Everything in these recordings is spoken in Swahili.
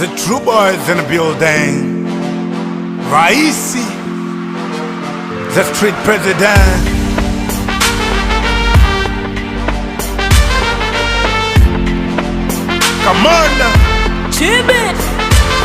The True Boys in the building. Raisi, the street president. Commander. Chibi.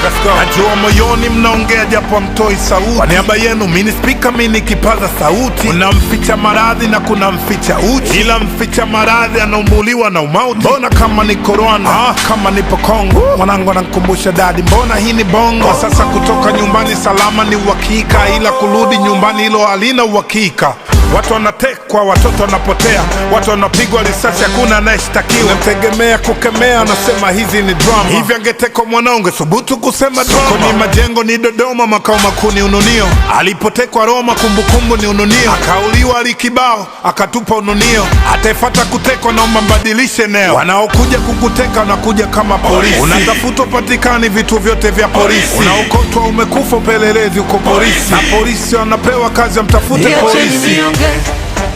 Najua moyoni mnaongea japo mtoi sauti. Kwa niaba yenu mini spika mini kipaza sauti. Kuna mficha maradhi na kuna mficha uchi, ila mficha maradhi anaumbuliwa na umauti. Mbona kama ni Rwanda, ah, kama nipo Kongo. Mwanangu anankumbusha dadi, mbona hii ni Bongo. Sasa kutoka nyumbani salama ni uhakika, ila kurudi nyumbani hilo halina uhakika. Watu wanatekwa, watoto wanapotea, watu wanapigwa risasi, hakuna anayeshtakiwa. Nategemea kukemea, anasema hizi ni drama. Hivi angetekwa mwanao ungethubutu kusema drama? ni majengo ni Dodoma, makao makuu ni Ununio. Alipotekwa Roma, kumbukumbu ni Ununio. Akauliwa Alikibao, akatupa Ununio. Ataefata kutekwa, naomba mbadilishe eneo. Wanaokuja kukuteka wanakuja kama polisi. Unatafuta upatikani vitu vyote vya polisi. Unaokotwa umekufa, upelelezi uko polisi, na polisi wanapewa kazi, mtafute polisi nipende,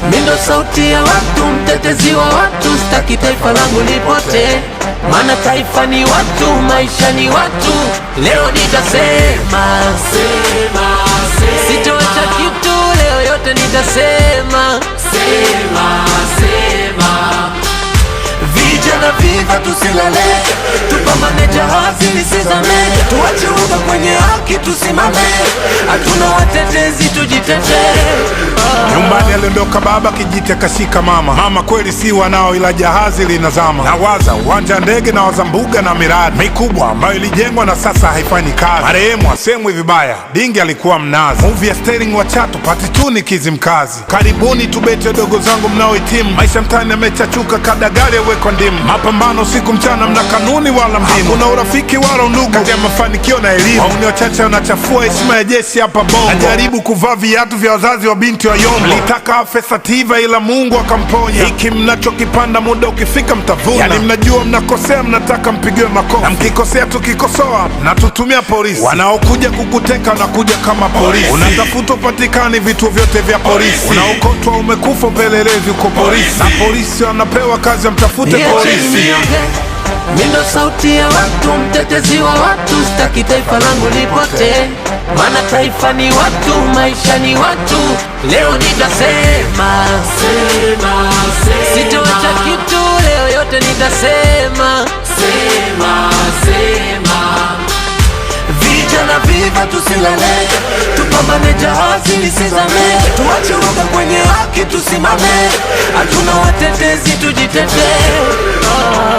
mindo sauti ya watu, mtetezi wa watu, staki taifa langu lipote, mana taifa ni watu, maisha ni watu. Leo nitasema sema, sema, sitoacha kitu, leo yote nitasema sema, sema. Vijana viva, tusilale, tupambane jahazi lisizame, tuache uoga kwenye haki, tusimame, hatuna watetezi, tujitetee Nyumbani aliondoka baba, kijiti akashika mama. Mama kweli si wanao, ila jahazi linazama. Nawaza uwanja ndege, na mbuga na miradi mikubwa ambayo ilijengwa na sasa haifanyi kazi. Marehemu asemwi vibaya, dingi alikuwa mnazi. Muvi ya stering wa chatu patituni Kizimkazi. Karibuni tubete wadogo zangu mnaohitimu maisha, mtani amechachuka kada gari awekwa ndimu. Mapambano usiku mchana, mna kanuni wala mbinu, Hakuna urafiki wala undugu kati ya mafanikio na elimu. Wauni wachache wanachafua heshima ya jeshi hapa Bongo, najaribu kuvaa viatu vya wazazi wa binti wa yombo. Litaka afe Sativa, ila Mungu akamponya. Hiki mnachokipanda muda ukifika mtavuna. Yani mnajua mnakosea, mnataka mpigiwe makofi, na mkikosea tukikosoa na tutumia polisi. Wanaokuja kukuteka wanakuja kama polisi, unatafuta upatikani vituo vyote vya polisi, unaokotwa umekufa, upelelezi uko polisi, na polisi wanapewa kazi mtafute polisi. Mindo sauti ya watu, mtetezi wa watu, sitaki taifa langu lipotee mana taifa ni watu, maisha ni watu. Leo nitasema sema, sema. Sitoacha kitu leo, yote nitasema sema, sema. Vijana viva, tusilale, tupambane jahazi lisizame, tuache uoga kwenye haki, tusimame, hatuna watetezi, tujitetee. Ah.